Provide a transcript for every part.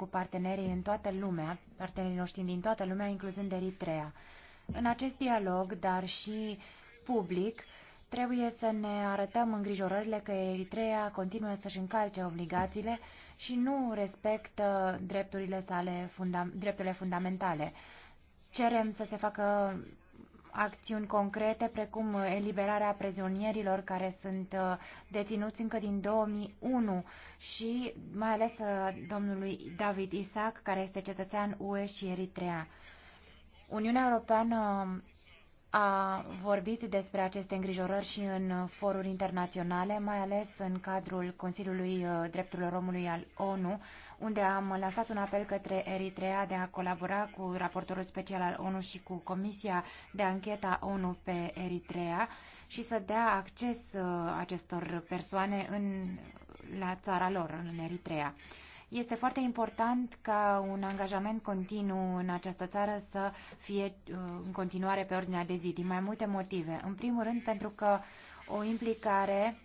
cu partenerii în toată lumea, partenerii noștri din toată lumea, incluzând Eritrea. În acest dialog, dar și public, trebuie să ne arătăm îngrijorările că Eritrea continuă să-și încalce obligațiile și nu respectă drepturile sale funda drepturile fundamentale. Cerem să se facă acțiuni concrete, precum uh, eliberarea prezonierilor care sunt uh, deținuți încă din 2001 și mai ales uh, domnului David Isaac, care este cetățean UE și Eritrea. Uniunea Europeană a vorbit despre aceste îngrijorări și în foruri internaționale, mai ales în cadrul Consiliului uh, Drepturilor Omului al ONU, unde am lansat un apel către Eritrea de a colabora cu raportorul special al ONU și cu Comisia de Ancheta ONU pe Eritrea și să dea acces uh, acestor persoane în, la țara lor, în Eritrea. Este foarte important ca un angajament continuu în această țară să fie uh, în continuare pe ordinea de zi, din mai multe motive. În primul rând, pentru că o implicare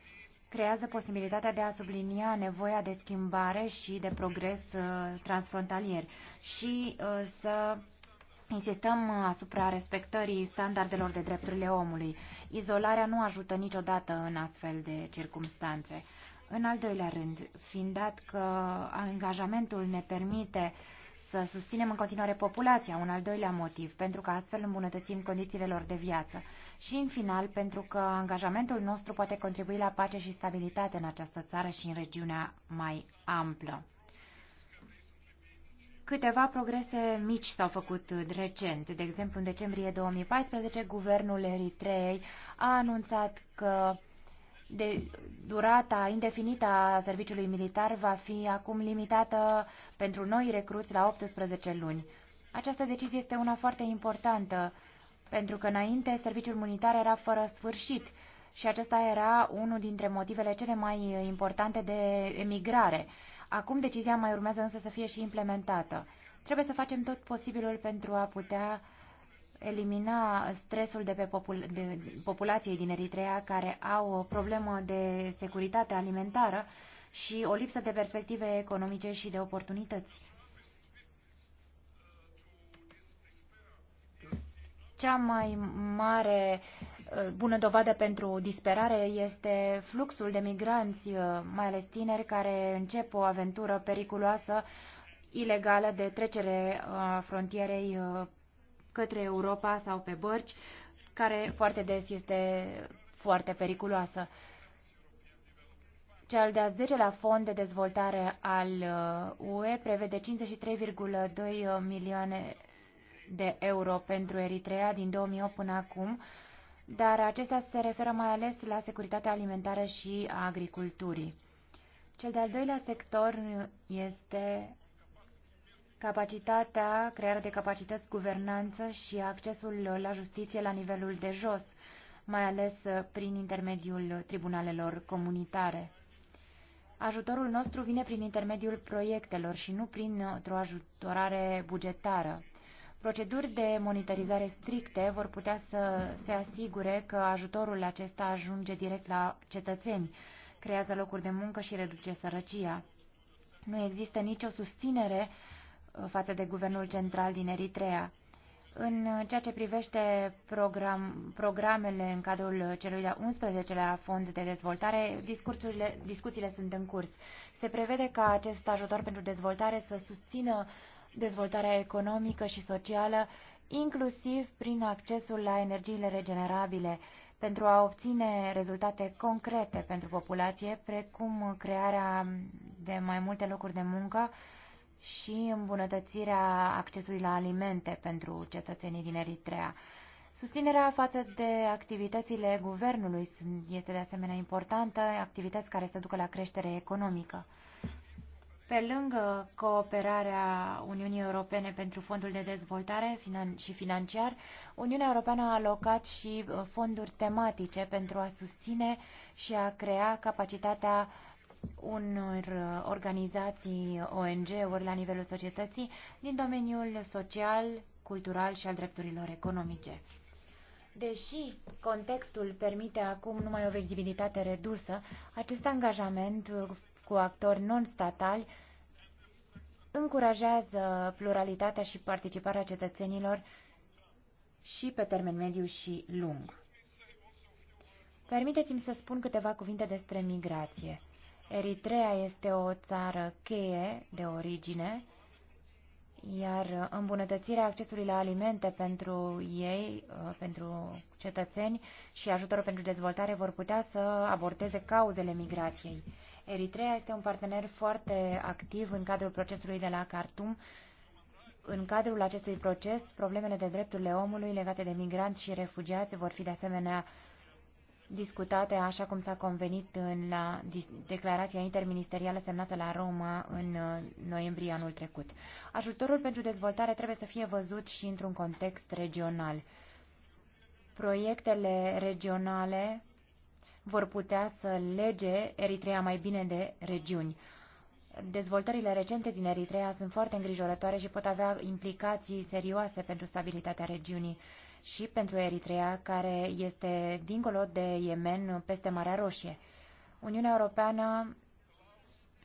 creează posibilitatea de a sublinia nevoia de schimbare și de progres uh, transfrontalier și uh, să Insistăm asupra respectării standardelor de drepturile omului. Izolarea nu ajută niciodată în astfel de circumstanțe. În al doilea rând, fiind dat că angajamentul ne permite să susținem în continuare populația, un al doilea motiv, pentru că astfel îmbunătățim condițiile lor de viață. Și, în final, pentru că angajamentul nostru poate contribui la pace și stabilitate în această țară și în regiunea mai amplă. Câteva progrese mici s-au făcut recent. De exemplu, în decembrie 2014, guvernul Eritreei a anunțat că de durata indefinită a serviciului militar va fi acum limitată pentru noi recruți la 18 luni. Această decizie este una foarte importantă, pentru că înainte serviciul militar era fără sfârșit și acesta era unul dintre motivele cele mai importante de emigrare. Acum decizia mai urmează însă să fie și implementată. Trebuie să facem tot posibilul pentru a putea uh, elimina stresul de pe popul, de populației din Eritrea care au o problemă de securitate alimentară și o lipsă de perspective economice și de oportunități. Cea mai mare uh, bună dovadă pentru disperare este fluxul de migranți, uh, mai ales tineri, care încep o aventură periculoasă ilegală de trecere a frontierei uh, către Europa sau pe bărci, care foarte des este foarte periculoasă. Cel de-a 10-lea fond de dezvoltare al UE uh, prevede 53,2 uh, milioane de euro pentru Eritrea din 2008 până acum, dar acestea se referă mai ales la securitatea alimentară și a agriculturii. Cel de-al doilea sector este capacitatea, crearea de capacități, guvernanță și accesul la justiție la nivelul de jos, mai ales uh, prin intermediul tribunalelor comunitare. Ajutorul nostru vine prin intermediul proiectelor și nu prin uh, o ajutorare bugetară. Proceduri de monitorizare stricte vor putea să se asigure că ajutorul acesta ajunge direct la cetățeni, creează locuri de muncă și reduce sărăcia. Nu există nicio susținere față de guvernul central din Eritrea. În ceea ce privește program, programele în cadrul celui de-a 11-lea fond de dezvoltare, discursurile, discuțiile sunt în curs. Se prevede ca acest ajutor pentru dezvoltare să susțină dezvoltarea economică și socială, inclusiv prin accesul la energiile regenerabile, pentru a obține rezultate concrete pentru populație, precum crearea de mai multe locuri de muncă, și îmbunătățirea accesului la alimente pentru cetățenii din Eritrea. Susținerea față de activitățile guvernului este de asemenea importantă, activități care să ducă la creștere economică. Pe lângă cooperarea Uniunii Europene pentru Fondul de Dezvoltare și Financiar, Uniunea Europeană a alocat și uh, fonduri tematice pentru a susține și a crea capacitatea unor organizații ONG-uri la nivelul societății din domeniul social, cultural și al drepturilor economice. Deși contextul permite acum numai o vizibilitate redusă, acest angajament cu actori non-statali încurajează pluralitatea și participarea cetățenilor și pe termen mediu și lung. Permiteți-mi să spun câteva cuvinte despre migrație. Eritrea este o țară cheie de origine, iar îmbunătățirea accesului la alimente pentru ei, uh, pentru cetățeni și ajutorul pentru dezvoltare vor putea să aborteze cauzele migrației. Eritrea este un partener foarte activ în cadrul procesului de la Khartoum. În cadrul acestui proces, problemele de drepturile omului legate de migranți și refugiați vor fi de asemenea discutate așa cum s-a convenit în la declarația interministerială semnată la Roma în uh, noiembrie anul trecut. Ajutorul pentru dezvoltare trebuie să fie văzut și într-un context regional. Proiectele regionale vor putea să lege Eritrea mai bine de regiuni. Dezvoltările recente din Eritrea sunt foarte îngrijorătoare și pot avea implicații serioase pentru stabilitatea regiunii și pentru Eritrea, care este dincolo de Yemen, peste Marea Roșie. Uniunea Europeană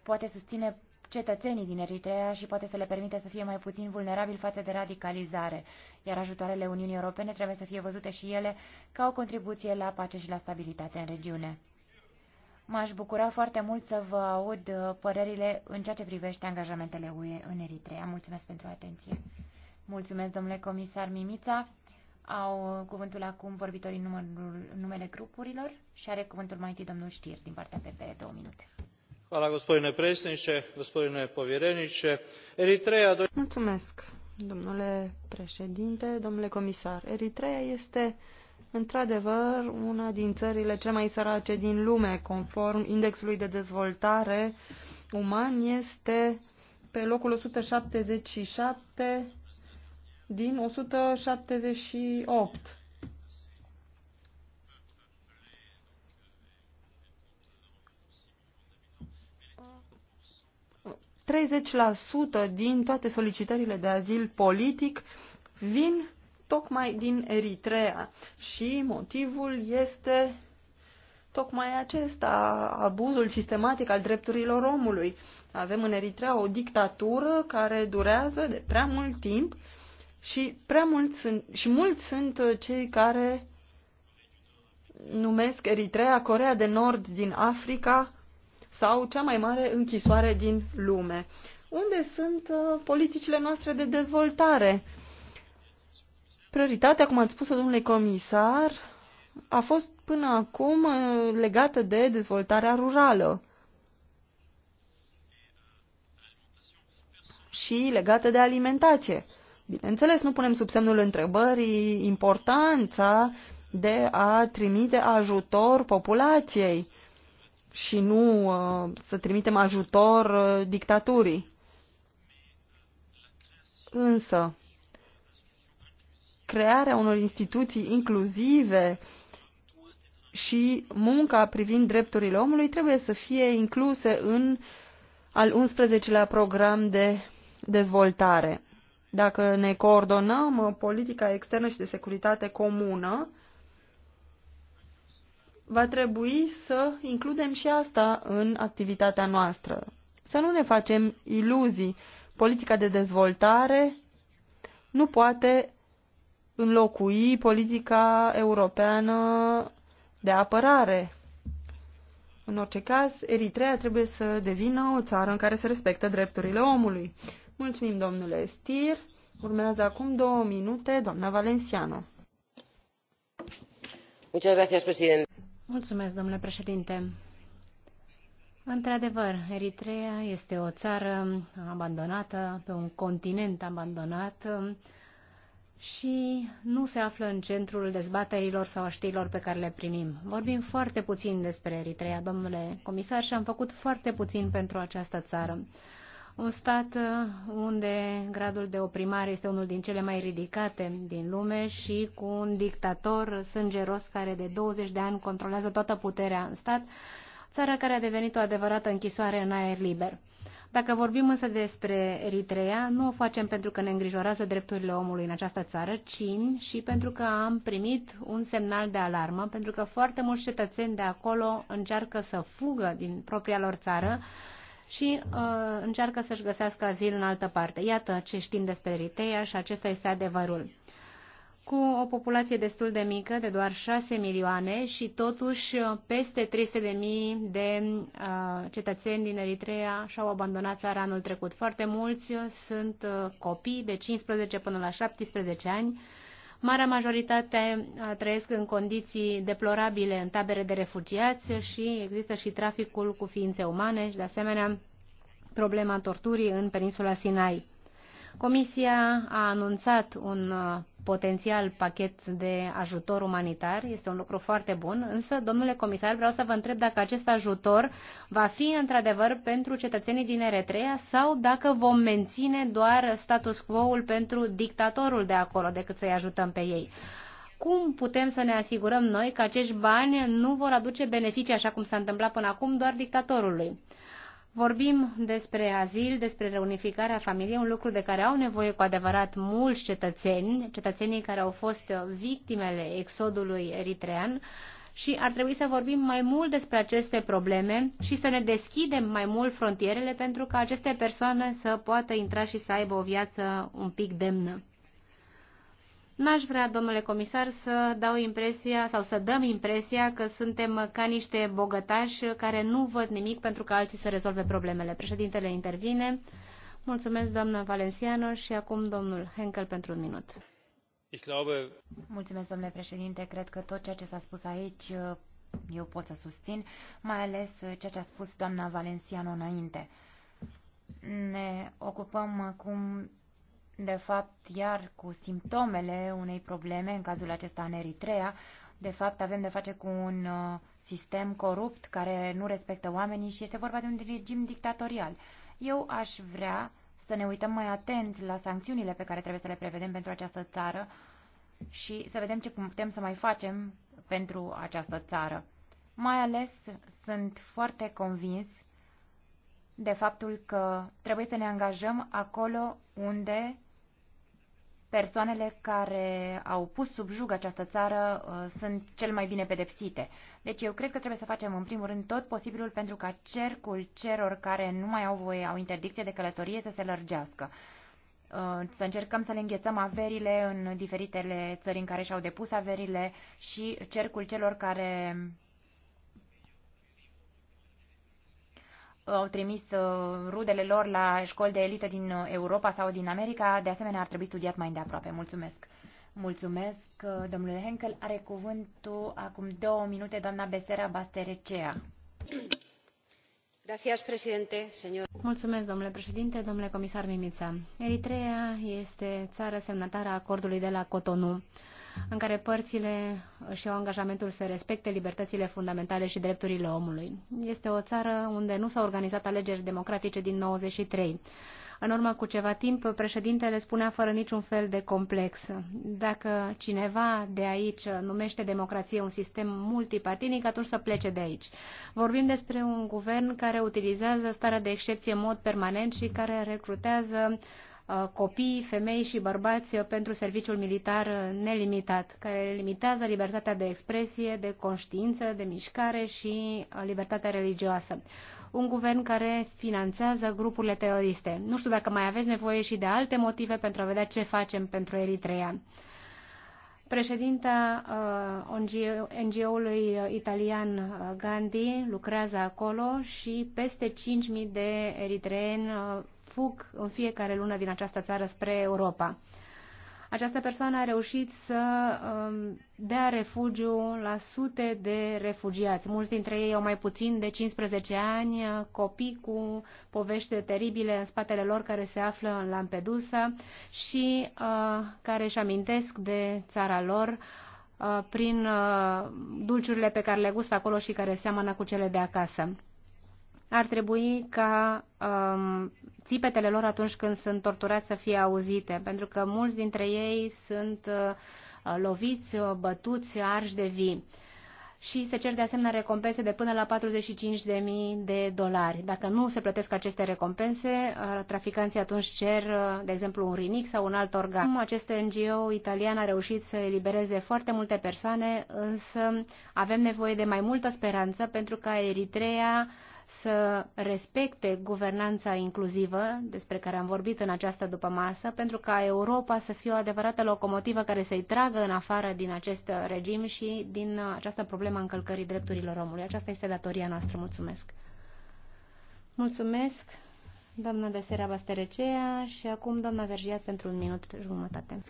poate susține cetățenii din Eritrea și poate să le permită să fie mai puțin vulnerabili față de radicalizare, iar ajutoarele Uniunii Europene trebuie să fie văzute și ele ca o contribuție la pace și la stabilitate în regiune. M-aș bucura foarte mult să vă aud uh, părerile în ceea ce privește angajamentele UE în Eritrea. Mulțumesc pentru atenție. Mulțumesc, domnule comisar Mimița. Au cuvântul acum vorbitorii numărul, numele grupurilor și are cuvântul mai întâi domnul Știr din partea PP, două minute. Hvala, gospodine președinte, gospodine povjereniče. Eritrea... Mulțumesc, domnule președinte, domnule comisar. Eritrea este într-adevăr una din țările cele mai sărace din lume, conform indexului de dezvoltare uman, este pe locul 177 din 178. ...30% din toate solicitările de azil politic vin tocmai din Eritrea. Și motivul este tocmai acesta, abuzul sistematic al drepturilor omului. Avem în Eritrea o dictatură care durează de prea mult timp și prea mulți sunt, și mulți sunt uh, cei care numesc Eritrea Corea de Nord din Africa sau cea mai mare închisoare din lume. Unde sunt uh, politicile noastre de dezvoltare? Prioritatea, cum ați spus-o, domnule comisar, a fost până acum uh, legată de dezvoltarea rurală și legată de alimentație. Bineînțeles, nu punem sub semnul întrebării importanța de a trimite ajutor populației și nu uh, să trimitem ajutor uh, dictaturii. Însă, crearea unor instituții inclusive și munca privind drepturile omului trebuie să fie incluse în al 11-lea program de dezvoltare. Dacă ne coordonăm uh, politica externă și de securitate comună, va trebui să includem și asta în activitatea noastră. Să nu ne facem iluzii. Politica de dezvoltare nu poate înlocui politica europeană de apărare. În orice caz, Eritrea trebuie să devină o țară în care se respectă drepturile omului. Mulțumim, domnule Stier. Urmează acum două minute doamna Valenciano. Mulțumesc, domnule președinte. Într-adevăr, Eritrea este o țară abandonată, pe un continent abandonat și nu se află în centrul dezbaterilor sau știrilor pe care le primim. Vorbim foarte puțin despre Eritrea, domnule comisar, și am făcut foarte puțin pentru această țară un stat uh, unde gradul de oprimare este unul din cele mai ridicate din lume și cu un dictator sângeros care de 20 de ani controlează toată puterea în stat, țara care a devenit o adevărată închisoare în aer liber. Dacă vorbim însă despre Eritrea, nu o facem pentru că ne îngrijorează drepturile omului în această țară, ci și pentru că am primit un semnal de alarmă, pentru că foarte mulți cetățeni de acolo încearcă să fugă din propria lor țară, și uh, încearcă să-și găsească azil în altă parte. Iată ce știm despre Eritrea și acesta este adevărul. Cu o populație destul de mică, de doar 6 milioane și totuși uh, peste 300 de mii de uh, cetățeni din Eritrea și-au abandonat țara anul trecut. Foarte mulți sunt uh, copii de 15 până la 17 ani Marea majoritate trăiesc în condiții deplorabile în tabere de refugiați și există și traficul cu ființe umane și, de asemenea, problema torturii în peninsula Sinai. Comisia a anunțat un uh, potențial pachet de ajutor umanitar. Este un lucru foarte bun, însă, domnule comisar, vreau să vă întreb dacă acest ajutor va fi într-adevăr pentru cetățenii din Eritrea sau dacă vom menține doar status quo-ul pentru dictatorul de acolo decât să-i ajutăm pe ei. Cum putem să ne asigurăm noi că acești bani nu vor aduce beneficii, așa cum s-a întâmplat până acum, doar dictatorului? Vorbim despre azil, despre reunificarea familiei, un lucru de care au nevoie cu adevărat mulți cetățeni, cetățenii care au fost victimele exodului eritrean și ar trebui să vorbim mai mult despre aceste probleme și să ne deschidem mai mult frontierele pentru ca aceste persoane să poată intra și să aibă o viață un pic demnă. N-aș vrea, domnule comisar, să dau impresia sau să dăm impresia că suntem ca niște bogătași care nu văd nimic pentru că alții să rezolve problemele. Președintele intervine. Mulțumesc, doamnă Valenciano, și acum domnul Henkel pentru un minut. Mulțumesc, domnule președinte. Cred că tot ceea ce s-a spus aici eu pot să susțin, mai ales ceea ce a spus doamna Valenciano înainte. Ne ocupăm acum de fapt, iar cu simptomele unei probleme, în cazul acesta în Eritrea, de fapt avem de face cu un uh, sistem corupt care nu respectă oamenii și este vorba de un regim dictatorial. Eu aș vrea să ne uităm mai atent la sancțiunile pe care trebuie să le prevedem pentru această țară și să vedem ce putem să mai facem pentru această țară. Mai ales sunt foarte convins de faptul că trebuie să ne angajăm acolo unde persoanele care au pus sub jug această țară uh, sunt cel mai bine pedepsite. Deci eu cred că trebuie să facem în primul rând tot posibilul pentru ca cercul celor care nu mai au voie, au interdicție de călătorie să se lărgească. Uh, să încercăm să le înghețăm averile în diferitele țări în care și-au depus averile și cercul celor care au trimis uh, rudele lor la școli de elită din uh, Europa sau din America, de asemenea ar trebui studiat mai îndeaproape. Mulțumesc! Mulțumesc, uh, domnule Henkel. Are cuvântul acum două minute doamna Besera Basterecea. Mulțumesc, domnule președinte, domnule comisar Mimița. Eritrea este țară semnatară a acordului de la Cotonou în care părțile își au angajamentul să respecte libertățile fundamentale și drepturile omului. Este o țară unde nu s-au organizat alegeri democratice din 93. În urmă cu ceva timp, președintele spunea fără niciun fel de complex. Dacă cineva de aici numește democrație un sistem multipartinic, atunci să plece de aici. Vorbim despre un guvern care utilizează starea de excepție în mod permanent și care recrutează Uh, copii, femei și bărbați uh, pentru serviciul militar uh, nelimitat, care limitează libertatea de expresie, de conștiință, de mișcare și libertatea religioasă. Un guvern care finanțează grupurile teroriste. Nu știu dacă mai aveți nevoie și de alte motive pentru a vedea ce facem pentru Eritrea. Președinta NGO-ului italian Gandhi lucrează acolo și peste 5.000 de eritreeni fug în fiecare lună din această țară spre Europa. Această persoană a reușit să um, dea refugiu la sute de refugiați. Mulți dintre ei au mai puțin de 15 ani, copii cu povești teribile în spatele lor care se află în Lampedusa și uh, care își amintesc de țara lor uh, prin uh, dulciurile pe care le gustă acolo și care seamănă cu cele de acasă ar trebui ca um, țipetele lor atunci când sunt torturați să fie auzite, pentru că mulți dintre ei sunt uh, loviți, uh, bătuți, arși de vii și se cer de asemenea recompense de până la 45.000 de dolari. Dacă nu se plătesc aceste recompense, uh, traficanții atunci cer, uh, de exemplu, un rinic sau un alt organ. Acest NGO italian a reușit să elibereze foarte multe persoane, însă avem nevoie de mai multă speranță pentru ca Eritrea să respecte guvernanța inclusivă, despre care am vorbit în această dupămasă, pentru ca Europa să fie o adevărată locomotivă care să-i tragă în afară din acest regim și din această problemă a încălcării drepturilor omului. Aceasta este datoria noastră. Mulțumesc! Mulțumesc, doamna Besera Basterecea și acum doamna Vergiat pentru un minut jumătate.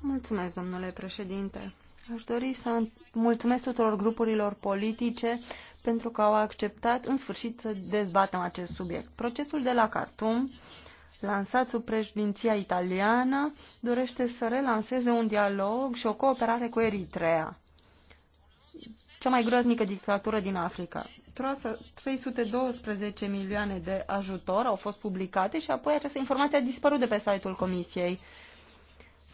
Mulțumesc, domnule președinte. Aș dori să mulțumesc tuturor grupurilor politice pentru că au acceptat în sfârșit să dezbatem acest subiect. Procesul de la Khartoum, lansat sub președinția italiană, dorește să relanseze un dialog și o cooperare cu Eritrea, cea mai groaznică dictatură din Africa. 312 milioane de ajutor au fost publicate și apoi această informație a dispărut de pe site-ul Comisiei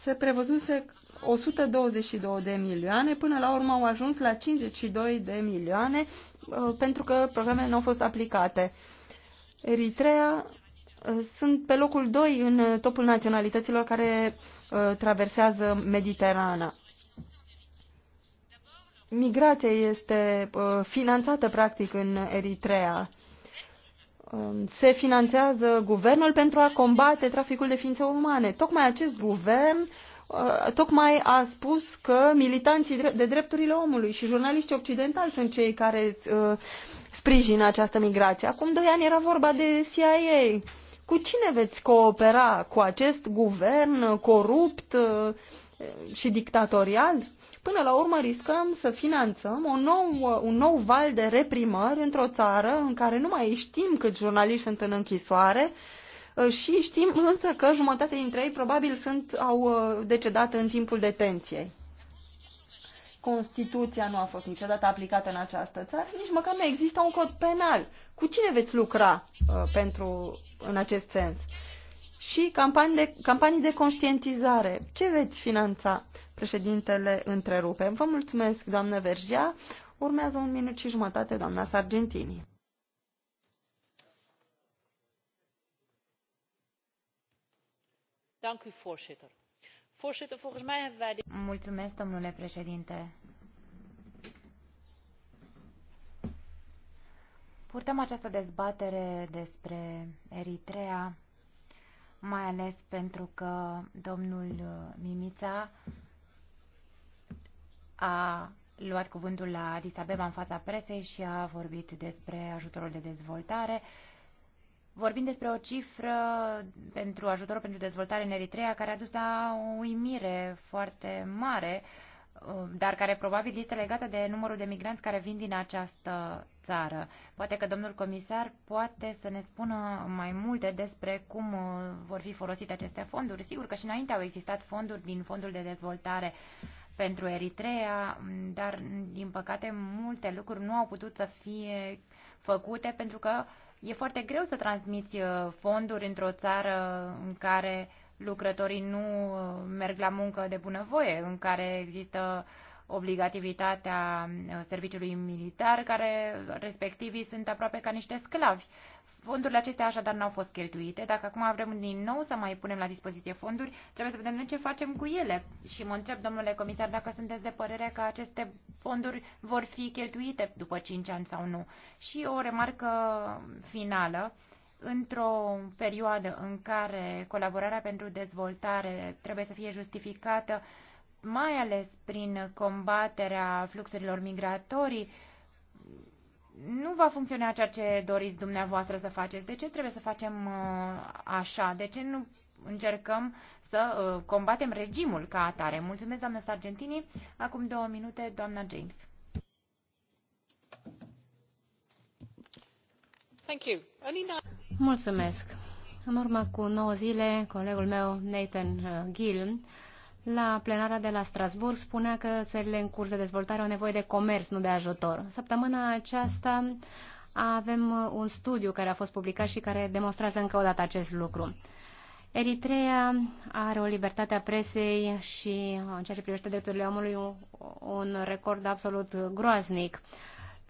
se prevăzuse 122 de milioane, până la urmă au ajuns la 52 de milioane uh, pentru că programele nu au fost aplicate. Eritrea uh, sunt pe locul 2 în topul naționalităților care uh, traversează Mediterana. Migrația este finanțată practic în Eritrea Um, se finanțează guvernul pentru a combate traficul de ființe umane. Tocmai acest guvern uh, tocmai a spus că militanții de drepturile omului și jurnaliștii occidentali sunt cei care uh, sprijină această migrație. Acum doi ani era vorba de CIA. Cu cine veți coopera? Cu acest guvern corupt uh, și dictatorial? Până la urmă riscăm să finanțăm o nou, un nou val de reprimări într-o țară în care nu mai știm câți jurnaliști sunt în închisoare uh, și știm însă că jumătate dintre ei probabil sunt, au uh, decedat în timpul detenției. Constituția nu a fost niciodată aplicată în această țară, nici măcar nu există un cod penal. Cu cine veți lucra uh, pentru, în acest sens? Și campanii de, campanii de conștientizare. Ce veți finanța? Președintele întrerupe. Vă mulțumesc, doamnă Vergea. Urmează un minut și jumătate, doamna Sargentini. Voorzitter, volgens mij hebben wij Mulțumesc, domnule președinte. Purtăm această dezbatere despre Eritrea, mai ales pentru că domnul Mimița a luat cuvântul la Addis Abeba în fața presei și a vorbit despre ajutorul de dezvoltare. Vorbim despre o cifră pentru ajutorul pentru dezvoltare în Eritrea care a dus la o uimire foarte mare, um, dar care probabil este legată de numărul de migranți care vin din această țară. Poate că domnul comisar poate să ne spună mai multe despre cum uh, vor fi folosite aceste fonduri. Sigur că și înainte au existat fonduri din fondul de dezvoltare pentru Eritrea, dar din păcate multe lucruri nu au putut să fie făcute pentru că e foarte greu să transmiți uh, fonduri într-o țară în care lucrătorii nu uh, merg la muncă de bunăvoie, în care există obligativitatea uh, serviciului militar, care respectivii sunt aproape ca niște sclavi. Fondurile acestea așadar n-au fost cheltuite. Dacă acum vrem din nou să mai punem la dispoziție fonduri, trebuie să vedem ce facem cu ele. Și mă întreb, domnule comisar, dacă sunteți de părere că aceste fonduri vor fi cheltuite după 5 ani sau nu. Și o remarcă finală într-o perioadă în care colaborarea pentru dezvoltare trebuie să fie justificată mai ales prin combaterea fluxurilor migratorii, nu va funcționa ceea ce doriți dumneavoastră să faceți. De ce trebuie să facem uh, așa? De ce nu încercăm să uh, combatem regimul ca atare? Mulțumesc, doamna Sargentini. Acum două minute, doamna James. Mulțumesc. În urmă cu nouă zile, colegul meu, Nathan uh, Gill, la plenara de la Strasburg spunea că țările în curs de dezvoltare au nevoie de comerț, nu de ajutor. Săptămâna aceasta avem un studiu care a fost publicat și care demonstrează încă o dată acest lucru. Eritrea are o libertate a presei și, în ceea ce privește drepturile omului, un record absolut groaznic.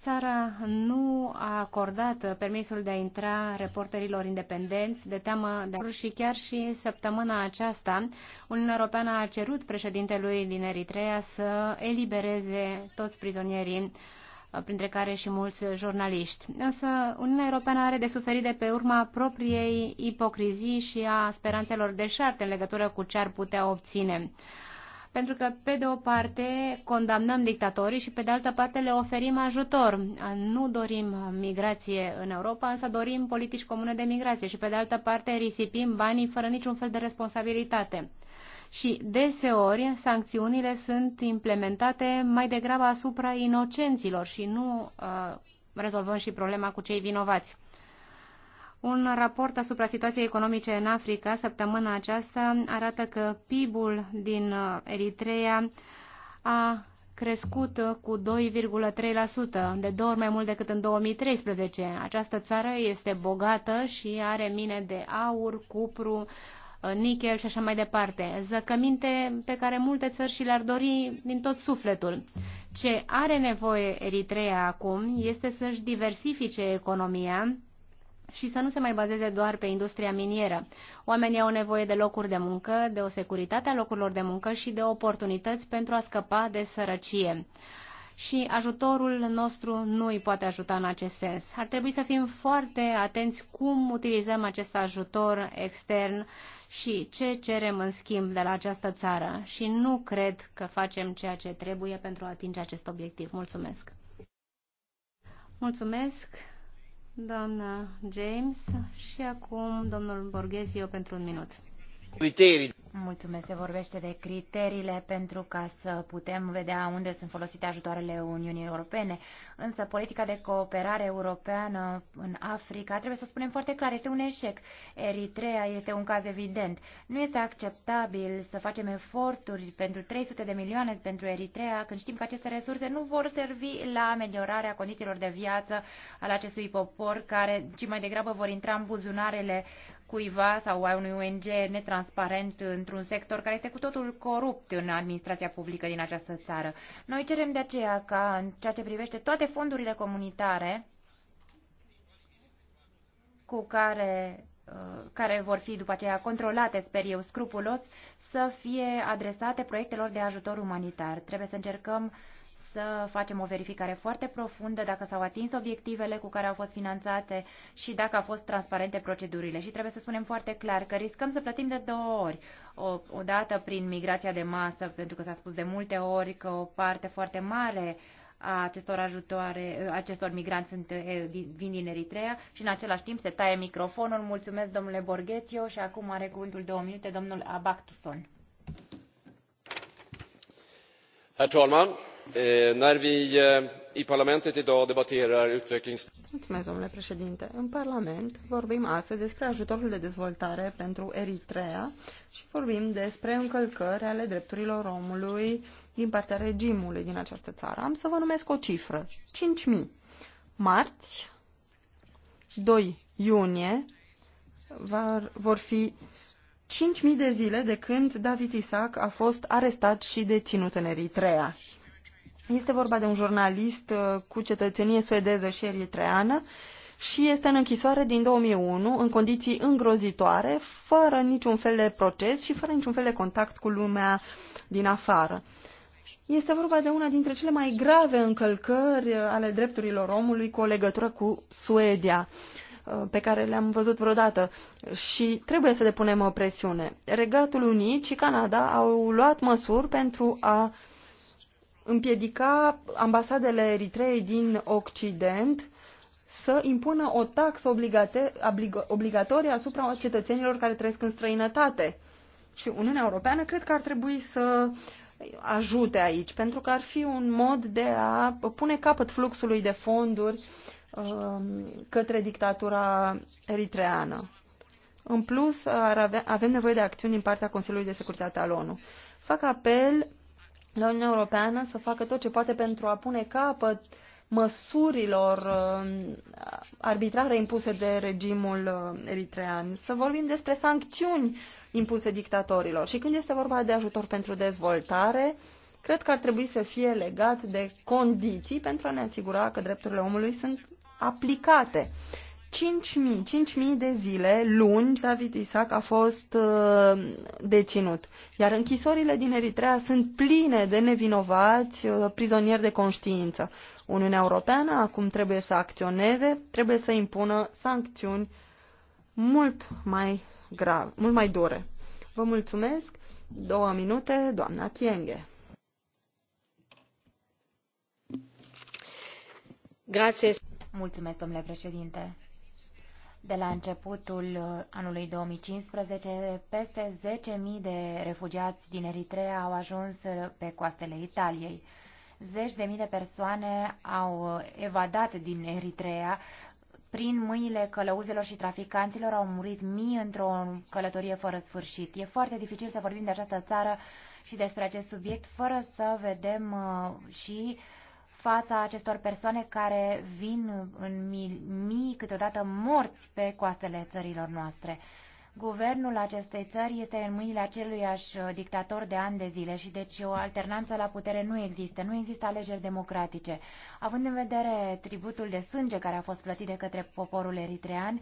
Țara nu a acordat permisul de a intra reporterilor independenți de teamă de și chiar și săptămâna aceasta Uniunea Europeană a cerut președintelui din Eritrea să elibereze toți prizonierii printre care și mulți jurnaliști. Însă Uniunea Europeană are de suferit de pe urma propriei ipocrizii și a speranțelor deșarte în legătură cu ce ar putea obține pentru că, pe de o parte, condamnăm dictatorii și, pe de altă parte, le oferim ajutor. Nu dorim migrație în Europa, însă dorim politici comune de migrație și, pe de altă parte, risipim banii fără niciun fel de responsabilitate. Și deseori sancțiunile sunt implementate mai degrabă asupra inocenților și nu uh, rezolvăm și problema cu cei vinovați. Un raport asupra situației economice în Africa săptămâna aceasta arată că PIB-ul din Eritrea a crescut cu 2,3%, de două ori mai mult decât în 2013. Această țară este bogată și are mine de aur, cupru, nichel și așa mai departe. Zăcăminte pe care multe țări și le-ar dori din tot sufletul. Ce are nevoie Eritrea acum este să-și diversifice economia și să nu se mai bazeze doar pe industria minieră. Oamenii au nevoie de locuri de muncă, de o securitate a locurilor de muncă și de oportunități pentru a scăpa de sărăcie. Și ajutorul nostru nu îi poate ajuta în acest sens. Ar trebui să fim foarte atenți cum utilizăm acest ajutor extern și ce cerem în schimb de la această țară. Și nu cred că facem ceea ce trebuie pentru a atinge acest obiectiv. Mulțumesc! Mulțumesc! doamna James și acum domnul Borghezio pentru un minut. Criterii. Mulțumesc, se vorbește de criteriile pentru ca să putem vedea unde sunt folosite ajutoarele Uniunii Europene. Însă politica de cooperare europeană în Africa, trebuie să o spunem foarte clar, este un eșec. Eritrea este un caz evident. Nu este acceptabil să facem eforturi pentru 300 de milioane pentru Eritrea când știm că aceste resurse nu vor servi la ameliorarea condițiilor de viață al acestui popor, care ci mai degrabă vor intra în buzunarele cuiva sau a unui ONG netransparent într-un sector care este cu totul corupt în administrația publică din această țară. Noi cerem de aceea ca, în ceea ce privește toate fondurile comunitare cu care, uh, care vor fi după aceea controlate, sper eu, scrupulos, să fie adresate proiectelor de ajutor umanitar. Trebuie să încercăm uh, să facem o verificare foarte profundă dacă s-au atins obiectivele cu care au fost finanțate și dacă au fost transparente procedurile. Și trebuie să spunem foarte clar că riscăm să plătim de două ori. O, o dată prin migrația de masă, pentru că s-a spus de multe ori că o parte foarte mare a acestor ajutoare, acestor migranți sunt, vin din Eritrea și în același timp se taie microfonul. Mulțumesc, domnule Borghețio, și acum are cuvântul două minute domnul Abactuson. Herr Tolman, Eh, när vi eh, i parlamentet idag debatterar utvecklings... domnule președinte. În Parlament vorbim astăzi despre ajutorul de dezvoltare pentru Eritrea și vorbim despre încălcări ale drepturilor omului din partea regimului din această țară. Am să vă numesc o cifră. 5.000. Marți, 2 iunie, vor fi 5.000 de zile de când David Isaac a fost arestat și deținut în Eritrea. Este vorba de un jurnalist uh, cu cetățenie suedeză și eritreană și este în închisoare din 2001, în condiții îngrozitoare, fără niciun fel de proces și fără niciun fel de contact cu lumea din afară. Este vorba de una dintre cele mai grave încălcări uh, ale drepturilor omului cu o legătură cu Suedia uh, pe care le-am văzut vreodată și trebuie să depunem o presiune. Regatul Unit și Canada au luat măsuri pentru a împiedica ambasadele Eritrei din Occident să impună o taxă obligatorie asupra cetățenilor care trăiesc în străinătate. Și Uniunea Europeană cred că ar trebui să ajute aici, pentru că ar fi un mod de a pune capăt fluxului de fonduri um, către dictatura eritreană. În plus, ar avea, avem nevoie de acțiuni din partea Consiliului de Securitate al ONU. Fac apel la Uniunea Europeană să facă tot ce poate pentru a pune capăt măsurilor uh, arbitrare impuse de regimul uh, eritrean, să vorbim despre sancțiuni impuse dictatorilor. Și când este vorba de ajutor pentru dezvoltare, cred că ar trebui să fie legat de condiții pentru a ne asigura că drepturile omului sunt aplicate. 5.000, 5.000 de zile lungi David Isaac a fost uh, deținut. Iar închisorile din Eritrea sunt pline de nevinovați, uh, prizonieri de conștiință. Uniunea Europeană acum trebuie să acționeze, trebuie să impună sancțiuni mult mai grave, mult mai dure. Vă mulțumesc. Două minute, doamna Chienghe. Grazie. Mulțumesc, domnule președinte de la începutul anului 2015, peste 10.000 de refugiați din Eritrea au ajuns pe coastele Italiei. Zeci de mii de persoane au evadat din Eritrea. Prin mâinile călăuzelor și traficanților au murit mii într-o călătorie fără sfârșit. E foarte dificil să vorbim de această țară și despre acest subiect fără să vedem uh, și uh, fața acestor persoane care vin în mii, mii câteodată morți pe coastele țărilor noastre. Guvernul acestei țări este în mâinile aceluiași uh, dictator de ani de zile și deci o alternanță la putere nu există, nu există alegeri democratice. Având în vedere tributul de sânge care a fost plătit de către poporul eritrean,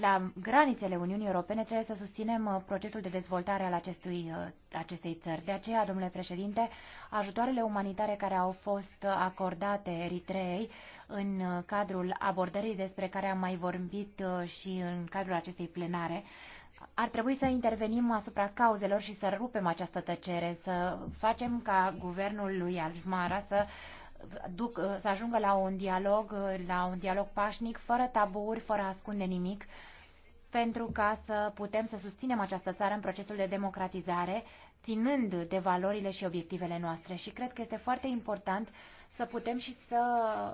la granițele Uniunii Europene trebuie să susținem uh, procesul de dezvoltare al acestui, uh, acestei țări. De aceea, domnule președinte, ajutoarele umanitare care au fost uh, acordate Eritreei în cadrul abordării despre care am mai vorbit și în cadrul acestei plenare, ar trebui să intervenim asupra cauzelor și să rupem această tăcere, să facem ca guvernul lui Alfmara să uh, duc, uh, să ajungă la un dialog, uh, la un dialog pașnic, fără taburi, fără a ascunde nimic, pentru ca să putem să susținem această țară în procesul de democratizare, ținând de valorile și obiectivele noastre. Și cred că este foarte important să putem și să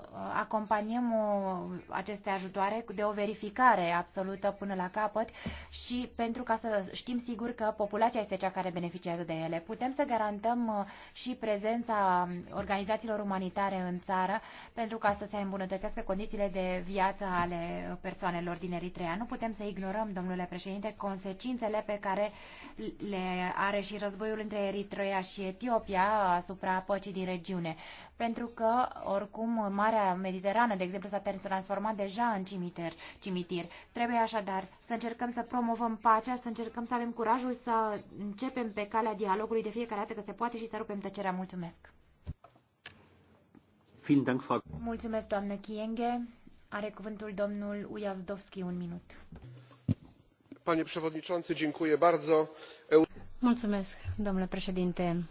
uh, acompaniem o, aceste ajutoare de o verificare absolută până la capăt și pentru ca să știm sigur că populația este cea care beneficiază de ele. Putem să garantăm uh, și prezența organizațiilor umanitare în țară pentru ca să se îmbunătățească condițiile de viață ale persoanelor din Eritrea. Nu putem să ignorăm, domnule președinte, consecințele pe care le are și războiul între Eritrea și Etiopia asupra păcii din regiune pentru că, oricum, Marea Mediterană, de exemplu, s-a transformat deja în cimitir. cimitir. Trebuie așadar să încercăm să promovăm pacea, să încercăm să avem curajul să începem pe calea dialogului de fiecare dată că se poate și să rupem tăcerea. Mulțumesc! Mulțumesc, doamnă Chienghe. Are cuvântul domnul Ujazdowski un minut. Panie przewodniczący, dziękuję bardzo. Mulțumesc, domnule președinte.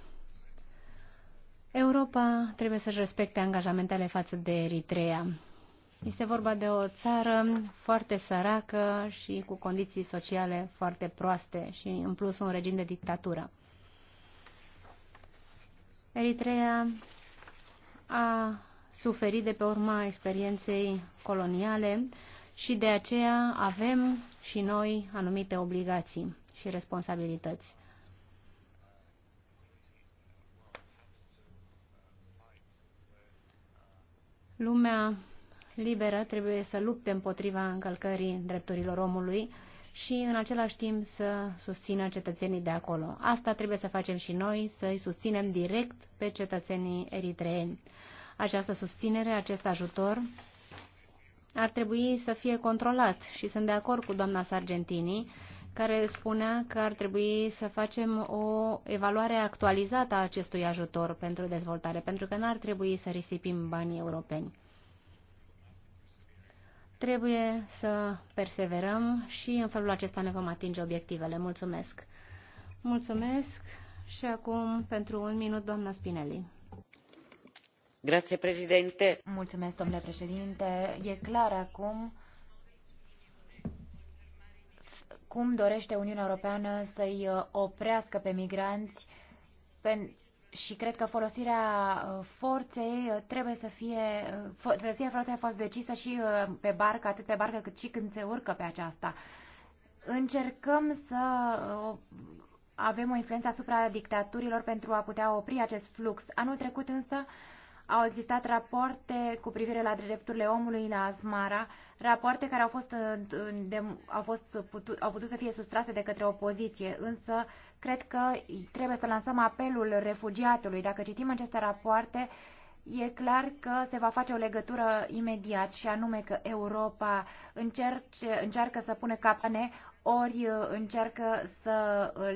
Europa trebuie să-și respecte angajamentele față de Eritrea. Este vorba de o țară foarte săracă și cu condiții sociale foarte proaste și, în plus, un regim de dictatură. Eritrea a suferit de pe urma experienței coloniale și de aceea avem și noi anumite obligații și responsabilități. Lumea liberă trebuie să lupte împotriva încălcării drepturilor omului și în același timp să susțină cetățenii de acolo. Asta trebuie să facem și noi, să îi susținem direct pe cetățenii eritreeni. Această susținere, acest ajutor ar trebui să fie controlat și sunt de acord cu doamna Sargentini care spunea că ar trebui să facem o evaluare actualizată a acestui ajutor pentru dezvoltare, pentru că n-ar trebui să risipim banii europeni. Trebuie să perseverăm și în felul acesta ne vom atinge obiectivele. Mulțumesc! Mulțumesc și acum pentru un minut doamna Spinelli. Grazie, Mulțumesc, domnule președinte. E clar acum cum dorește Uniunea Europeană să-i uh, oprească pe migranți pe, și cred că folosirea uh, forței uh, trebuie să fie, folosirea forței a fost decisă și pe barcă, atât pe barcă cât și când se urcă pe aceasta. Încercăm să avem o influență asupra dictaturilor pentru a putea opri acest flux. Anul trecut însă au existat rapoarte cu privire la drepturile omului în Asmara, rapoarte care au fost, de, au, fost putut, au putut să fie sustrase de către opoziție, însă cred că trebuie să lansăm apelul refugiatului. Dacă citim aceste rapoarte, E clar că se va face o legătură imediat și anume că Europa încerce, încearcă să pune capane ori uh, încearcă să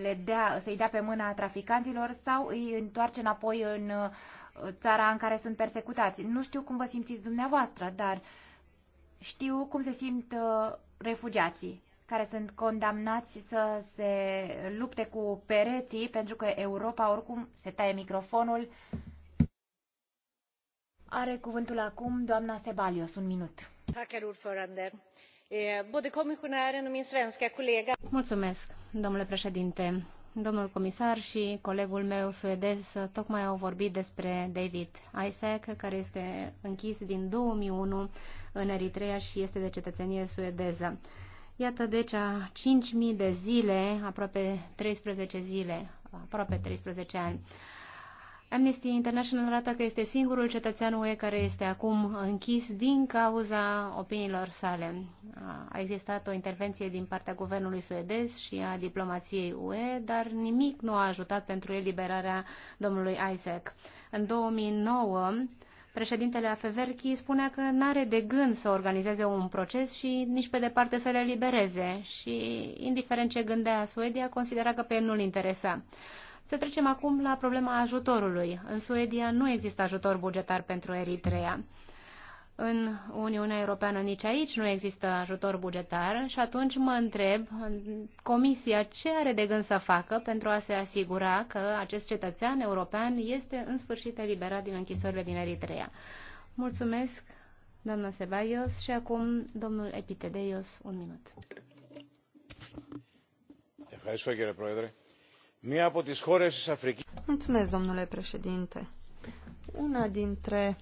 le dea, să-i dea pe mâna traficanților sau îi întoarce înapoi în uh, țara în care sunt persecutați. Nu știu cum vă simțiți dumneavoastră, dar știu cum se simt uh, refugiații care sunt condamnați să se lupte cu pereții, pentru că Europa oricum se taie microfonul. Are cuvântul acum doamna Sebalios, un minut. Eh, Mulțumesc, domnule președinte Domnul comisar și colegul meu suedez tocmai au vorbit despre David Isaac, care este închis din 2001 în Eritrea și este de cetățenie suedeză. Iată, deci, a 5.000 de zile, aproape 13 zile, aproape 13 ani. Amnesty International arată că este singurul cetățean UE care este acum închis din cauza opiniilor sale. A existat o intervenție din partea guvernului suedez și a diplomației UE, dar nimic nu a ajutat pentru eliberarea domnului Isaac. În 2009, Președintele Afeverchi spunea că nu are de gând să organizeze un proces și nici pe departe să le libereze și, indiferent ce gândea Suedia, considera că pe el nu-l interesa. Să trecem acum la problema ajutorului. În Suedia nu există ajutor bugetar pentru Eritrea. În Uniunea Europeană nici aici nu există ajutor bugetar și atunci mă întreb Comisia ce are de gând să facă pentru a se asigura că acest cetățean european este în sfârșit eliberat din închisorile din Eritrea. Mulțumesc, doamna Sebaios, și acum domnul Epitedeios, un minut. Mulțumesc, domnule președinte. Una dintre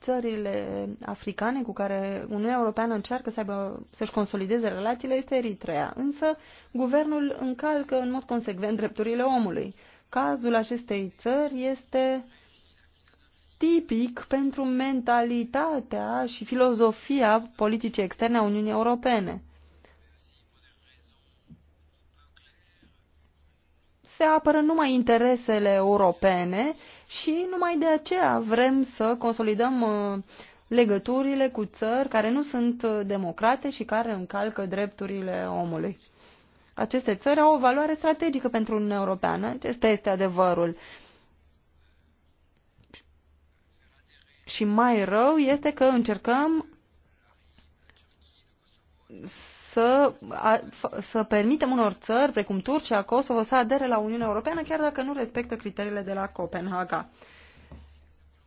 țările africane cu care Uniunea Europeană încearcă să aibă, și consolideze relațiile este Eritrea. Însă, guvernul încalcă în mod consecvent drepturile omului. Cazul acestei țări este tipic pentru mentalitatea și filozofia politicii externe a Uniunii Europene. se apără numai interesele europene și numai de aceea vrem să consolidăm uh, legăturile cu țări care nu sunt uh, democrate și care încalcă drepturile omului. Aceste țări au o valoare strategică pentru Uniunea Europeană, acesta este adevărul. Și mai rău este că încercăm să, a, să permitem unor țări, precum Turcia, Kosovo, să adere la Uniunea Europeană, chiar dacă nu respectă criteriile de la Copenhaga.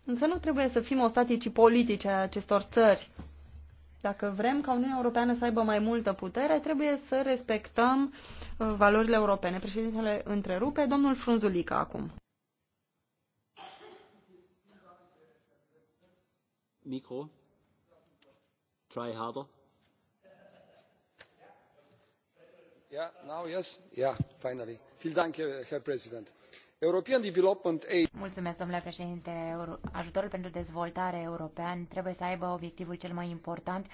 Însă nu trebuie să fim ostaticii politice a acestor țări. Dacă vrem ca Uniunea Europeană să aibă mai multă putere, trebuie să respectăm uh, valorile europene. Președintele întrerupe, domnul Frunzulica acum. Micro. Try harder. domnule președinte ajutorul pentru dezvoltare european trebuie să aibă obiectivul cel mai important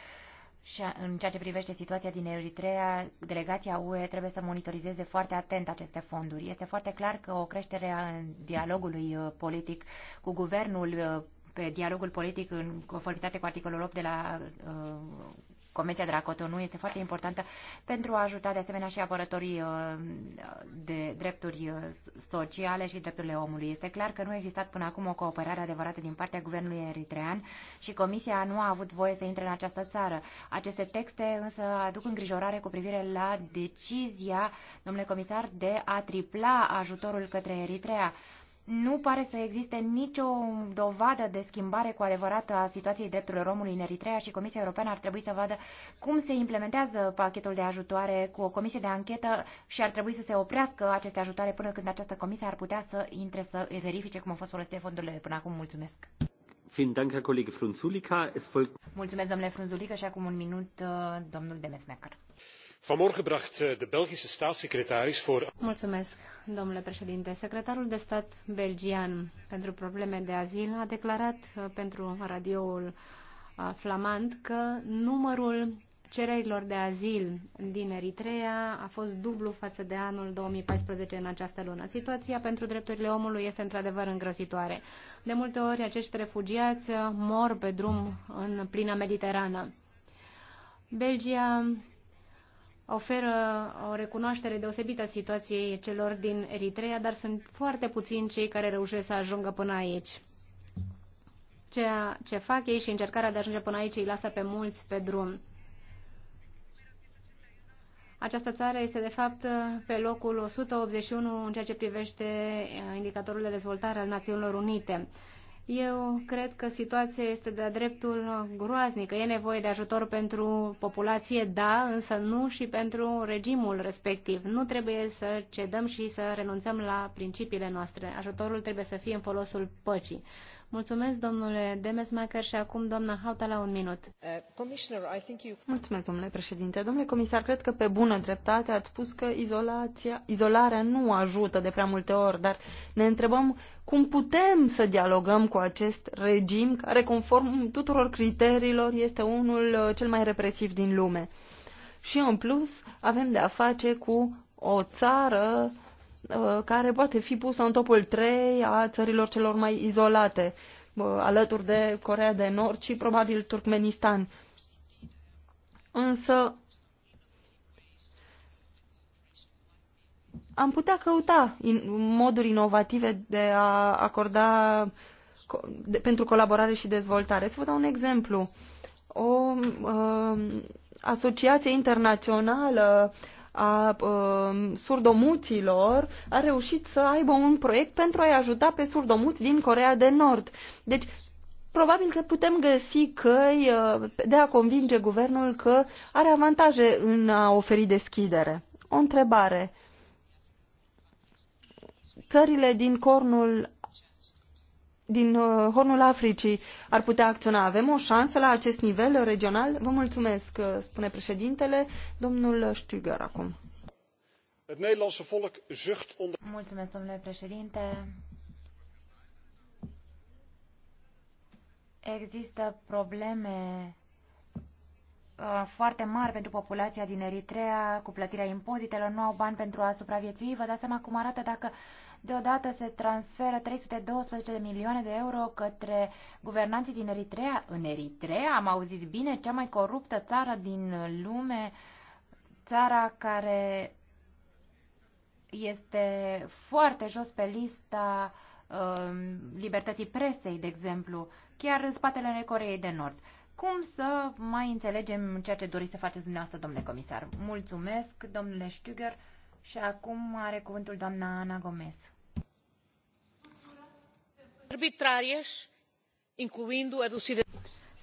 și în ceea ce privește situația din Eritrea, delegația UE trebuie să monitorizeze foarte atent aceste fonduri. Este foarte clar că o creștere a dialogului uh, politic cu guvernul uh, pe dialogul politic în conformitate cu articolul 8 de la uh, Comedia Dracotonu este foarte importantă pentru a ajuta de asemenea și apărătorii uh, de drepturi uh, sociale și drepturile omului. Este clar că nu a existat până acum o cooperare adevărată din partea guvernului eritrean și Comisia nu a avut voie să intre în această țară. Aceste texte însă aduc îngrijorare cu privire la decizia, domnule comisar, de a tripla ajutorul către Eritrea nu pare să existe nicio dovadă de schimbare cu adevărat a situației drepturilor omului în Eritrea și Comisia Europeană ar trebui să vadă cum se implementează pachetul de ajutoare cu o comisie de anchetă și ar trebui să se oprească aceste ajutoare până când această comisie ar putea să intre să verifice cum au fost folosite fondurile până acum. Mulțumesc! Mulțumesc, domnule Frunzulică, și acum un minut, uh, domnul Demesmeacher vanmorgen bracht eh, de belgische staatssecretaris voor. Mulțumesc, domnule președinte. Secretarul de stat belgian pentru probleme de azil a declarat eh, pentru radioul eh, flamand că numărul cererilor de azil din Eritrea a fost dublu față de anul 2014 în această lună. Situația pentru drepturile omului este într-adevăr îngrozitoare. De multe ori acești refugiați mor pe drum în plină Mediterană. Belgia oferă o recunoaștere deosebită a situației celor din Eritrea, dar sunt foarte puțini cei care reușesc să ajungă până aici. Ceea ce fac ei și încercarea de a ajunge până aici îi lasă pe mulți pe drum. Această țară este, de fapt, pe locul 181 în ceea ce privește indicatorul de dezvoltare al Națiunilor Unite. Eu cred că situația este de-a dreptul groaznică. E nevoie de ajutor pentru populație, da, însă nu și pentru regimul respectiv. Nu trebuie să cedăm și să renunțăm la principiile noastre. Ajutorul trebuie să fie în folosul păcii. Mulțumesc, domnule Demesmacher, și acum doamna Hauta la un minut. Mulțumesc, domnule președinte. Domnule comisar, cred că pe bună dreptate ați spus că izolația, izolarea nu ajută de prea multe ori, dar ne întrebăm cum putem să dialogăm cu acest regim care, conform tuturor criteriilor, este unul uh, cel mai represiv din lume. Și, în plus, avem de a face cu o țară Uh, care poate fi pusă în topul 3 a țărilor celor mai izolate, uh, alături de Corea de Nord și probabil Turkmenistan. Însă am putea căuta moduri inovative de a acorda pentru colaborare și dezvoltare. Să vă dau un exemplu. O uh, asociație internațională uh, a uh, surdomuților a reușit să aibă un proiect pentru a-i ajuta pe surdomuți din Corea de Nord. Deci, probabil că putem găsi căi uh, de a convinge guvernul că are avantaje în a oferi deschidere. O întrebare. Țările din cornul din uh, Hornul Africii ar putea acționa. Avem o șansă la acest nivel regional? Vă mulțumesc, uh, spune președintele, domnul Stüger acum. Mulțumesc, domnule președinte. Există probleme Uh, foarte mari pentru populația din Eritrea, cu plătirea impozitelor, nu au bani pentru a supraviețui. Vă dați seama cum arată dacă deodată se transferă 312 de milioane de euro către guvernanții din Eritrea. În Eritrea, am auzit bine, cea mai coruptă țară din lume, țara care este foarte jos pe lista uh, libertății presei, de exemplu, chiar în spatele Coreei de Nord. Cum să mai înțelegem ceea ce doriți să faceți dumneavoastră, domnule comisar? Mulțumesc, domnule Stüger. Și acum are cuvântul doamna Ana Gomez.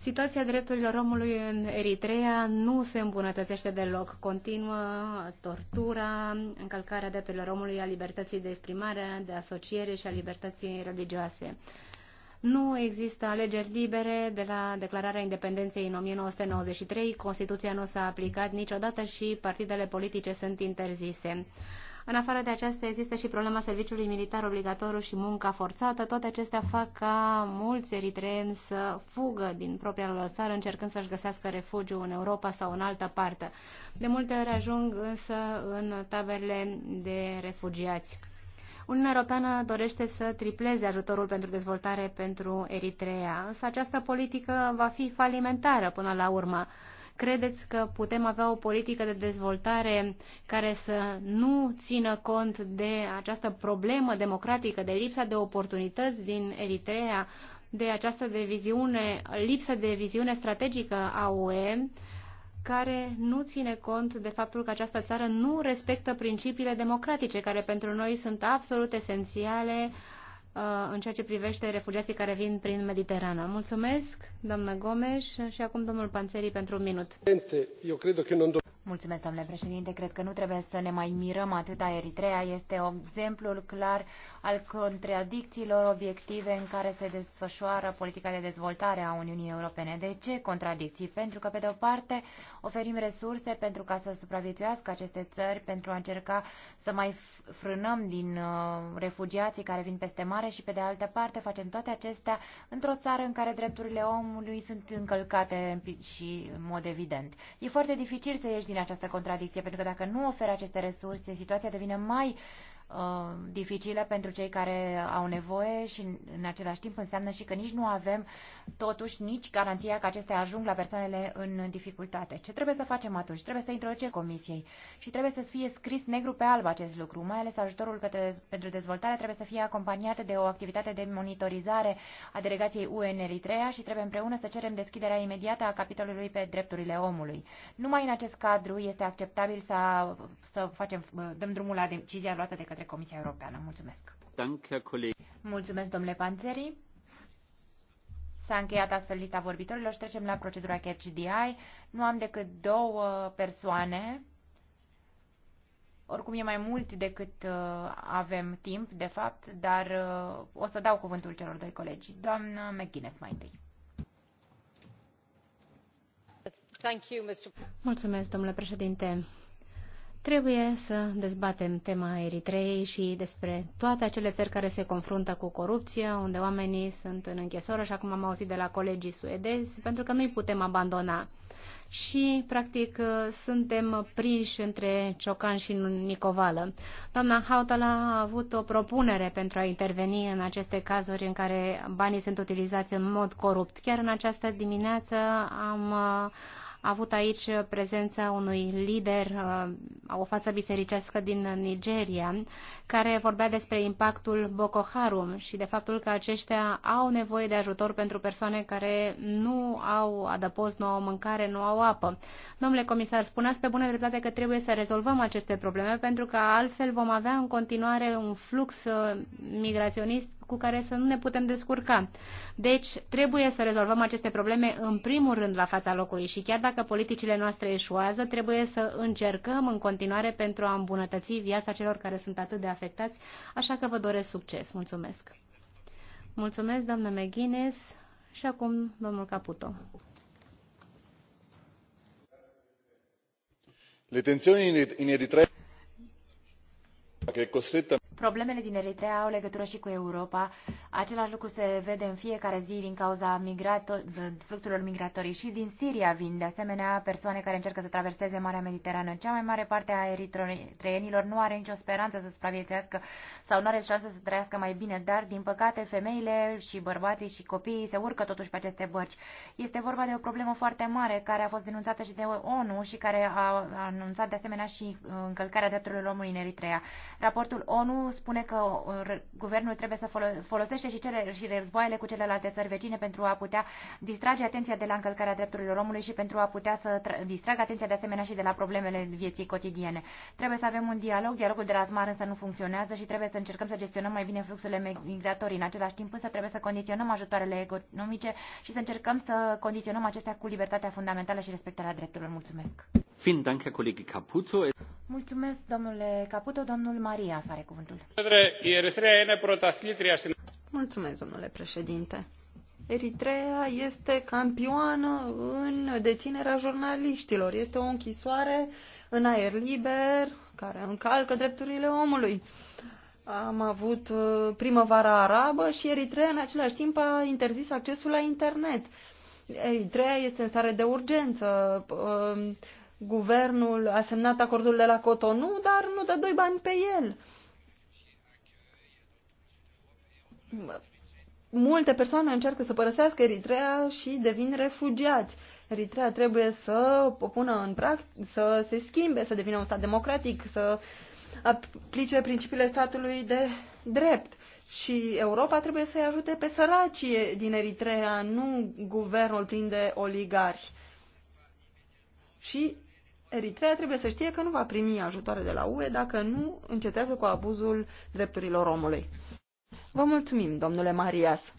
Situația drepturilor omului în Eritrea nu se îmbunătățește deloc. Continuă tortura, încălcarea drepturilor omului, a libertății de exprimare, de asociere și a libertății religioase. Nu există alegeri libere de la declararea independenței în 1993, Constituția nu s-a aplicat niciodată și partidele politice sunt interzise. În afară de aceasta există și problema serviciului militar obligatoriu și munca forțată. Toate acestea fac ca mulți eritreeni să fugă din propria lor țară încercând să-și găsească refugiu în Europa sau în altă parte. De multe ori ajung însă în taberele de refugiați. Uniunea Europeană dorește să tripleze ajutorul pentru dezvoltare pentru Eritrea, însă această politică va fi falimentară până la urmă. Credeți că putem avea o politică de dezvoltare care să nu țină cont de această problemă democratică, de lipsa de oportunități din Eritrea, de această de viziune, lipsă de viziune strategică a UE care nu ține cont de faptul că această țară nu respectă principiile democratice, care pentru noi sunt absolut esențiale uh, în ceea ce privește refugiații care vin prin Mediterana. Mulțumesc, doamnă Gomes, și acum domnul Panțeri pentru un minut. Eu cred că nu Mulțumesc, domnule președinte. Cred că nu trebuie să ne mai mirăm atâta. Eritrea este exemplul clar al contradicțiilor obiective în care se desfășoară politica de dezvoltare a Uniunii Europene. De ce contradicții? Pentru că, pe de o parte, oferim resurse pentru ca să supraviețuiască aceste țări, pentru a încerca să mai frânăm din uh, refugiații care vin peste mare și, pe de altă parte, facem toate acestea într-o țară în care drepturile omului sunt încălcate și în mod evident. E foarte dificil să ieși susține această contradicție, pentru că dacă nu oferă aceste resurse, situația devine mai Uh, dificile pentru cei care au nevoie și în același timp înseamnă și că nici nu avem totuși nici garanția că acestea ajung la persoanele în dificultate. Ce trebuie să facem atunci? Trebuie să introduce comisiei și trebuie să fie scris negru pe alb acest lucru, mai ales ajutorul către, pentru dezvoltare trebuie să fie acompaniat de o activitate de monitorizare a delegației U.N. Eritrea și trebuie împreună să cerem deschiderea imediată a capitolului pe drepturile omului. Numai în acest cadru este acceptabil să, să facem, dăm drumul la decizia luată de către Comisia Europeană. Mulțumesc! Mulțumesc, domnule Panzeri! S-a încheiat astfel lista vorbitorilor și trecem la procedura Catch Nu am decât două persoane. Oricum e mai mult decât uh, avem timp, de fapt, dar uh, o să dau cuvântul celor doi colegi. Doamna McGuinness mai întâi. Mulțumesc, domnule președinte Trebuie să dezbatem tema Eritreei și despre toate acele țări care se confruntă cu corupția, unde oamenii sunt în închisoare, așa cum am auzit de la colegii suedezi, pentru că nu-i putem abandona. Și, practic, suntem prinși între Ciocan și Nicovală. Doamna Hautala a avut o propunere pentru a interveni în aceste cazuri în care banii sunt utilizați în mod corupt. Chiar în această dimineață am a avut aici prezența unui lider, uh, o față bisericească din Nigeria, care vorbea despre impactul Boko Haram și de faptul că aceștia au nevoie de ajutor pentru persoane care nu au adăpost, nu au mâncare, nu au apă. Domnule comisar, spuneați pe bună dreptate că trebuie să rezolvăm aceste probleme, pentru că altfel vom avea în continuare un flux uh, migraționist cu care să nu ne putem descurca. Deci, trebuie să rezolvăm aceste probleme în primul rând la fața locului și chiar dacă politicile noastre eșuează, trebuie să încercăm în continuare pentru a îmbunătăți viața celor care sunt atât de afectați, așa că vă doresc succes. Mulțumesc! Mulțumesc, doamnă McGuinness, și acum domnul Caputo. Le tensioni in Eritrea che è costretta problemele din Eritrea au legătură și cu Europa. Același lucru se vede în fiecare zi din cauza migrato- fluxurilor migratorii și din Siria vin de asemenea persoane care încearcă să traverseze Marea Mediterană. Cea mai mare parte a eritreienilor nu are nicio speranță să supraviețească sau nu are șansă să trăiască mai bine, dar din păcate femeile și bărbații și copiii se urcă totuși pe aceste bărci. Este vorba de o problemă foarte mare care a fost denunțată și de ONU și care a anunțat de asemenea și încălcarea drepturilor omului în Eritrea. Raportul ONU spune că uh, guvernul trebuie să folosește și, cele, și războaiele cu celelalte țări vecine pentru a putea distrage atenția de la încălcarea drepturilor omului și pentru a putea să distragă atenția de asemenea și de la problemele vieții cotidiene. Trebuie să avem un dialog, dialogul de la Azmar însă nu funcționează și trebuie să încercăm să gestionăm mai bine fluxurile migratorii. În același timp însă trebuie să condiționăm ajutoarele economice și să încercăm să condiționăm acestea cu libertatea fundamentală și respectarea drepturilor. Mulțumesc! Mulțumesc, domnule Caputo. Domnul Maria are cuvântul. Mulțumesc, domnule președinte. Eritrea este campioană în deținerea jurnaliștilor. Este o închisoare în aer liber care încalcă drepturile omului. Am avut uh, primăvara arabă și Eritrea în același timp a interzis accesul la internet. Eritrea este în stare de urgență. Uh, guvernul a semnat acordul de la Cotonou, dar nu dă doi bani pe el. Multe persoane încearcă să părăsească Eritrea și devin refugiați. Eritrea trebuie să o pună în practic, să se schimbe, să devină un stat democratic, să aplice principiile statului de drept. Și Europa trebuie să-i ajute pe săracii din Eritrea, nu guvernul plin de oligarhi. Și Eritrea trebuie să știe că nu va primi ajutoare de la UE dacă nu încetează cu abuzul drepturilor omului. Vă mulțumim, domnule Marias.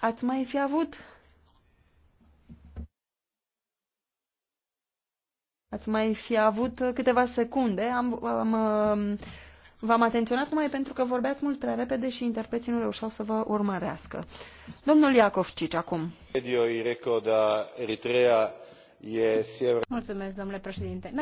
Ați mai fi avut? Ați mai fi avut câteva secunde. Am, am, v-am atenționat numai pentru că vorbeați mult prea repede și interpreții nu reușeau să vă urmărească. Domnul Iacov Cici, acum. Edio i da Eritrea domnule președinte.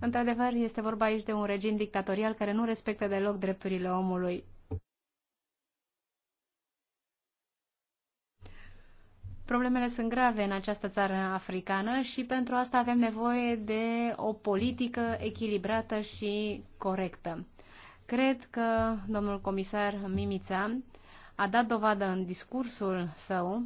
Într-adevăr, este vorba aici de un regim dictatorial care nu respectă deloc drepturile omului. Problemele sunt grave în această țară africană și pentru asta avem nevoie de o politică echilibrată și corectă. Cred că domnul comisar Mimița a dat dovadă în discursul său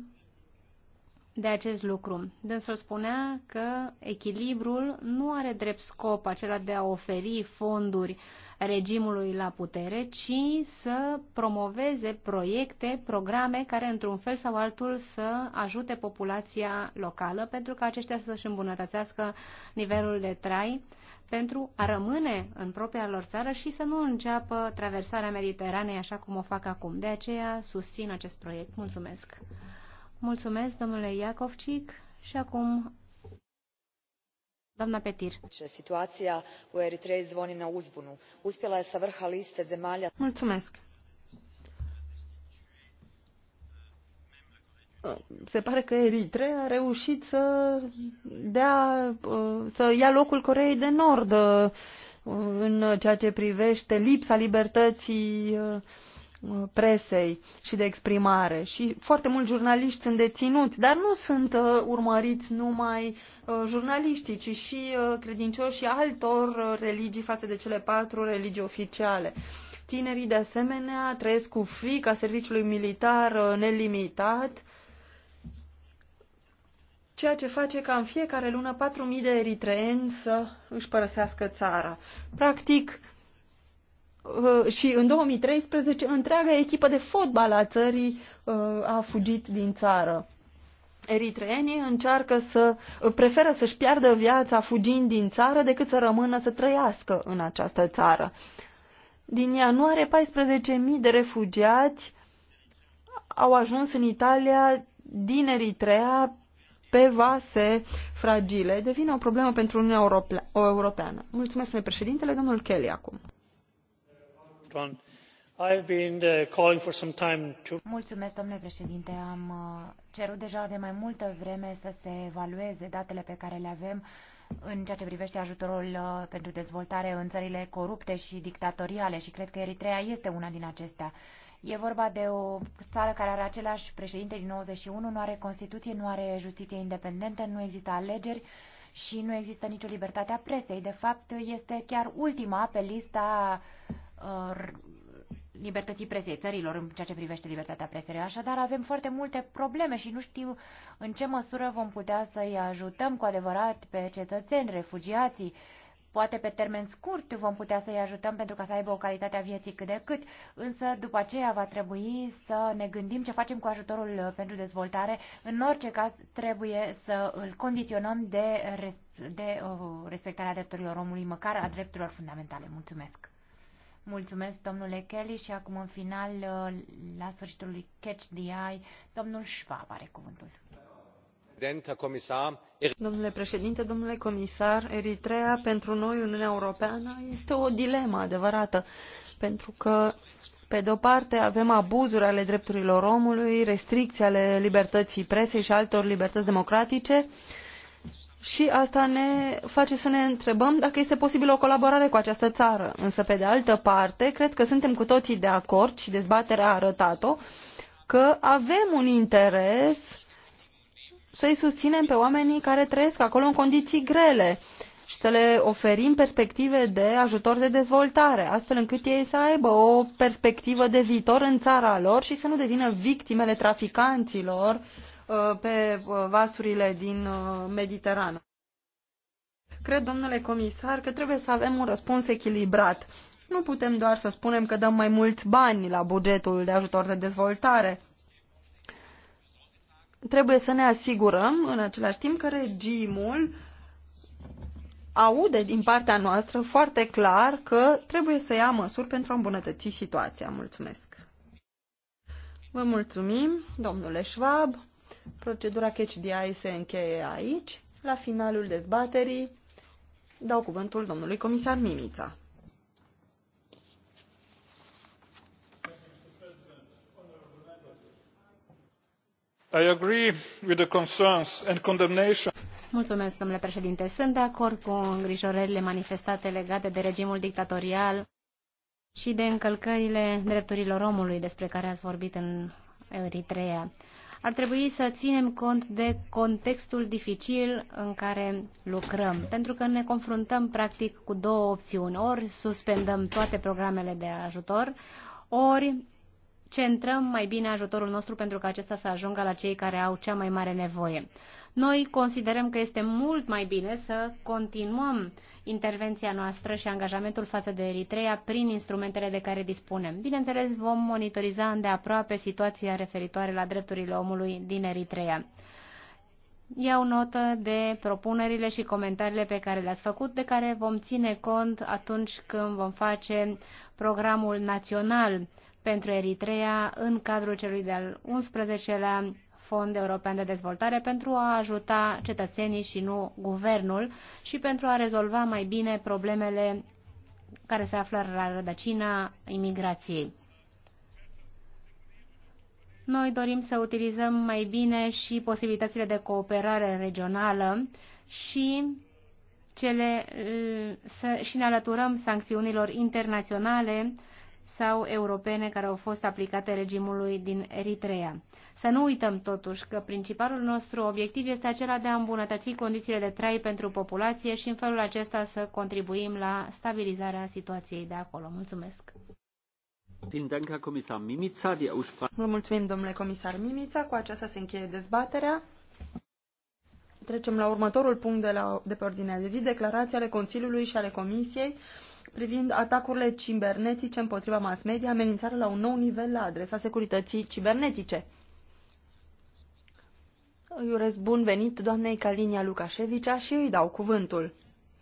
de acest lucru. Dânsul spunea că echilibrul nu are drept scop acela de a oferi fonduri regimului la putere, ci să promoveze proiecte, programe care într-un fel sau altul să ajute populația locală pentru ca aceștia să-și îmbunătățească nivelul de trai pentru a rămâne în propria lor țară și să nu înceapă traversarea Mediteranei așa cum o fac acum. De aceea susțin acest proiect. Mulțumesc! Mulțumesc, domnule Iacovcic, și acum doamna Petir. Situația cu Eritrei zvoni na uzbunu. Uspela e să vrha liste zemalia. Mulțumesc! se pare că Eritrea a reușit să, dea, uh, să ia locul Coreei de Nord uh, în ceea ce privește lipsa libertății uh, presei și de exprimare. Și foarte mulți jurnaliști sunt deținuți, dar nu sunt urmăriți numai jurnaliștii, ci și credincioșii altor religii față de cele patru religii oficiale. Tinerii, de asemenea, trăiesc cu frica serviciului militar nelimitat ceea ce face ca în fiecare lună 4.000 de eritreeni să își părăsească țara. Practic, uh, și în 2013, întreaga echipă de fotbal a țării uh, a fugit din țară. Eritreenii încearcă să uh, preferă să-și piardă viața fugind din țară decât să rămână să trăiască în această țară. Din ianuarie, 14.000 de refugiați au ajuns în Italia din Eritrea pe vase fragile devine o problemă pentru Uniunea Europeană. Mulțumesc, domnule președintele, domnul Kelly acum. Uh, Mulțumesc, domnule președinte. Am uh, cerut deja de mai multă vreme să se evalueze datele pe care le avem în ceea ce privește ajutorul uh, pentru dezvoltare în țările corupte și dictatoriale și cred că Eritrea este una din acestea. E vorba de o țară care are același președinte din 91, nu are Constituție, nu are justiție independentă, nu există alegeri și nu există nicio libertate a presei. De fapt, este chiar ultima pe lista uh, libertății presei țărilor în ceea ce privește libertatea presei. Așadar, avem foarte multe probleme și nu știu în ce măsură vom putea să-i ajutăm cu adevărat pe cetățeni, refugiații, uh, Poate pe termen scurt vom putea să-i ajutăm pentru ca să aibă o calitate a vieții cât de cât, însă după aceea va trebui să ne gândim ce facem cu ajutorul uh, pentru dezvoltare. În orice caz trebuie să îl condiționăm de, de uh, respectarea drepturilor omului, măcar a drepturilor fundamentale. Mulțumesc! Mulțumesc, domnule Kelly, și acum în final, uh, la sfârșitul lui Catch the Eye, domnul Schwab are cuvântul domnule președinte domnule comisar eritreea pentru noi uniunea europeană este o dilemă adevărată pentru că pe de o parte avem abuzuri ale drepturilor omului restricții ale libertății presei și altor libertăți democratice și asta ne face să ne întrebăm dacă este posibilă o colaborare cu această țară. Însă, pe de altă parte, cred că suntem cu toții de acord și dezbaterea a arătat-o că avem un interes să-i susținem pe oamenii care trăiesc acolo în condiții grele și să le oferim perspective de ajutor de dezvoltare, astfel încât ei să aibă o perspectivă de viitor în țara lor și să nu devină victimele traficanților uh, pe uh, vasurile din uh, Mediterană. Cred, domnule comisar, că trebuie să avem un răspuns echilibrat. Nu putem doar să spunem că dăm mai mulți bani la bugetul de ajutor de dezvoltare trebuie să ne asigurăm în același timp că regimul aude din partea noastră foarte clar că trebuie să ia măsuri pentru a îmbunătăți situația. Mulțumesc! Vă mulțumim, domnule Schwab. Procedura catch se încheie aici. La finalul dezbaterii dau cuvântul domnului comisar Mimița. I agree with the concerns and condemnation. domnule președinte. Sunt de acord cu îngrijorările manifestate legate de regimul dictatorial și de încălcările drepturilor omului despre care ați vorbit în Eritrea. Ar trebui să ținem cont de contextul dificil în care lucrăm, pentru că ne confruntăm practic cu două opțiuni. Ori suspendăm toate programele de ajutor, ori centrăm mai bine ajutorul nostru pentru ca acesta să ajungă la cei care au cea mai mare nevoie. Noi considerăm că este mult mai bine să continuăm intervenția noastră și angajamentul față de Eritrea prin instrumentele de care dispunem. Bineînțeles, vom monitoriza îndeaproape situația referitoare la drepturile omului din Eritrea. Iau notă de propunerile și comentariile pe care le-ați făcut, de care vom ține cont atunci când vom face programul național pentru Eritrea în cadrul celui de-al 11-lea Fond European de Dezvoltare pentru a ajuta cetățenii și nu guvernul și pentru a rezolva mai bine problemele care se află la rădăcina imigrației. Noi dorim să utilizăm mai bine și posibilitățile de cooperare regională și cele, să, și ne alăturăm sancțiunilor internaționale sau europene care au fost aplicate regimului din Eritrea. Să nu uităm totuși că principalul nostru obiectiv este acela de a îmbunătăți condițiile de trai pentru populație și în felul acesta să contribuim la stabilizarea situației de acolo. Mulțumesc! Vă mulțumim, domnule comisar Mimița. Cu aceasta se încheie dezbaterea. Trecem la următorul punct de, la, de pe ordinea de zi, declarațiile ale Consiliului și ale Comisiei privind atacurile cibernetice împotriva mass media, amenințarea la un nou nivel la adresa securității cibernetice. Îi urez bun venit doamnei Calinia Lucașevica și îi dau cuvântul.